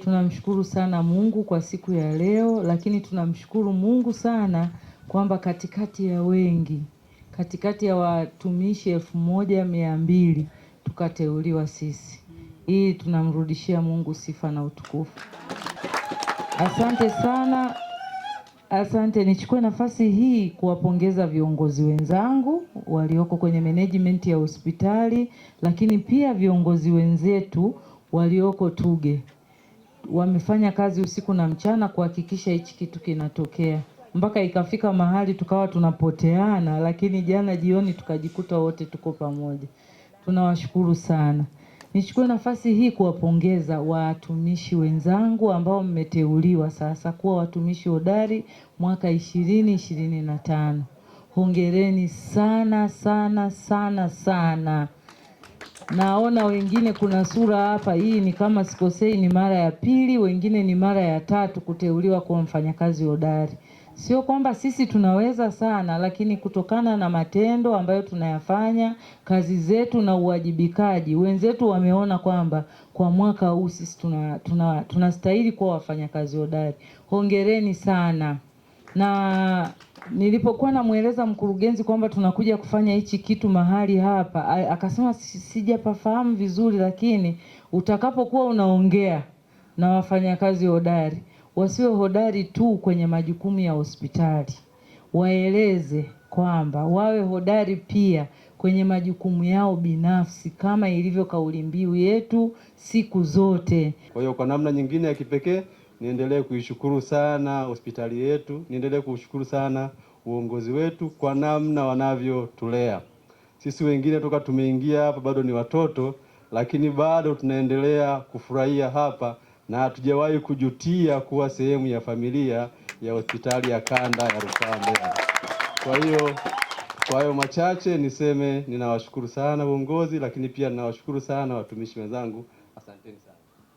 Tunamshukuru sana Mungu kwa siku ya leo, lakini tunamshukuru Mungu sana kwamba katikati ya wengi, katikati ya watumishi elfu moja mia mbili tukateuliwa sisi. Hii tunamrudishia Mungu sifa na utukufu. Asante sana. Asante, nichukue nafasi hii kuwapongeza viongozi wenzangu walioko kwenye management ya hospitali, lakini pia viongozi wenzetu walioko Tuge wamefanya kazi usiku na mchana kuhakikisha hichi kitu kinatokea, mpaka ikafika mahali tukawa tunapoteana, lakini jana jioni tukajikuta wote tuko pamoja. Tunawashukuru sana. Nichukue nafasi hii kuwapongeza watumishi wenzangu ambao mmeteuliwa sasa kuwa watumishi hodari mwaka ishirini ishirini na tano. Hongereni sana sana sana sana. Naona wengine kuna sura hapa, hii ni kama sikosei, ni mara ya pili, wengine ni mara ya tatu kuteuliwa kuwa mfanyakazi hodari. Sio kwamba sisi tunaweza sana, lakini kutokana na matendo ambayo tunayafanya, kazi zetu na uwajibikaji, wenzetu wameona kwamba kwa mwaka huu sisi tunastahili tuna, tuna kuwa wafanyakazi hodari. Hongereni sana na Nilipokuwa namweleza mkurugenzi kwamba tunakuja kufanya hichi kitu mahali hapa, akasema sijapafahamu vizuri, lakini utakapokuwa unaongea na wafanyakazi hodari, wasiwe hodari tu kwenye majukumu ya hospitali, waeleze kwamba wawe hodari pia kwenye majukumu yao binafsi kama ilivyo kauli mbiu yetu siku zote. Kwa hiyo kwa namna nyingine ya kipekee niendelee kuishukuru sana hospitali yetu, niendelee kushukuru sana uongozi wetu kwa namna wanavyotulea sisi. Wengine toka tumeingia hapa bado ni watoto, lakini bado tunaendelea kufurahia hapa na hatujawahi kujutia kuwa sehemu ya familia ya hospitali ya kanda ya rufaa Mbeya. Kwa hiyo kwa hayo machache niseme ninawashukuru sana uongozi, lakini pia ninawashukuru sana watumishi wenzangu, asanteni sana.